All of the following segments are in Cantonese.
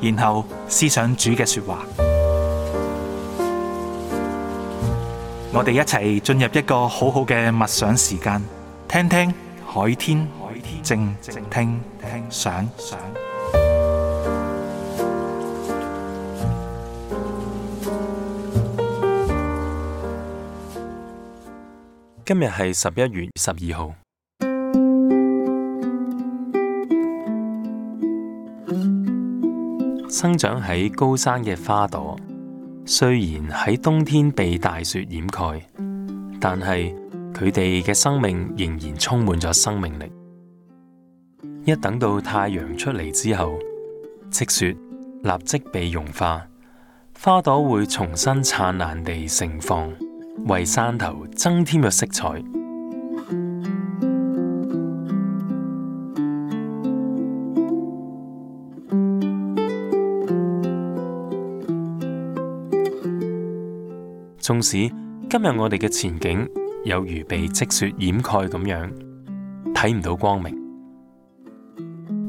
然後思想主嘅說話，我哋一齊進入一個好好嘅默想時間，聽聽海天靜靜聽聽想。今日係十一月十二號。生長喺高山嘅花朵，雖然喺冬天被大雪掩蓋，但係佢哋嘅生命仍然充滿咗生命力。一等到太陽出嚟之後，積雪立即被融化，花朵會重新燦爛地盛放，為山頭增添咗色彩。縱使今日我哋嘅前景有如被積雪掩蓋咁樣，睇唔到光明，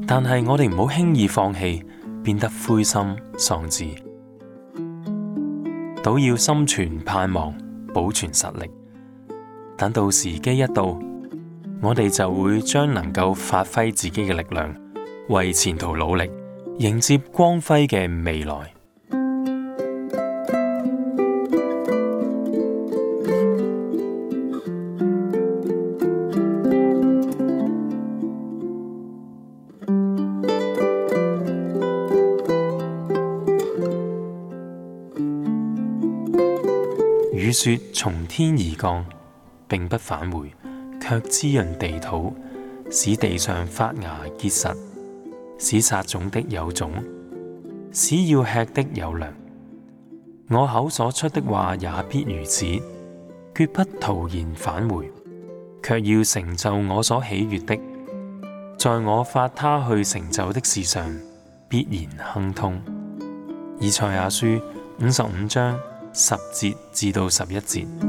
但係我哋唔好輕易放棄，變得灰心喪志，倒要心存盼望，保存實力，等到時機一到，我哋就會將能夠發揮自己嘅力量，為前途努力，迎接光輝嘅未來。雨雪從天而降，並不返回，卻滋潤地土，使地上發芽結實，使撒種的有種，使要吃的有糧。我口所出的話也必如此，絕不徒然返回，卻要成就我所喜悅的。在我發他去成就的事上，必然亨通。以賽亞書五十五章。十節至到十一節。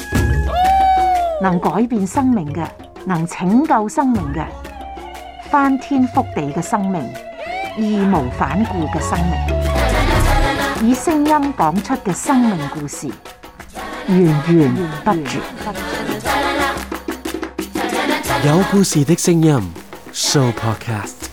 能改變生命嘅，能拯救生命嘅，翻天覆地嘅生命，義無反顧嘅生命，以聲音講出嘅生命故事，源源不絕。有故事的聲音，Sooo Podcast。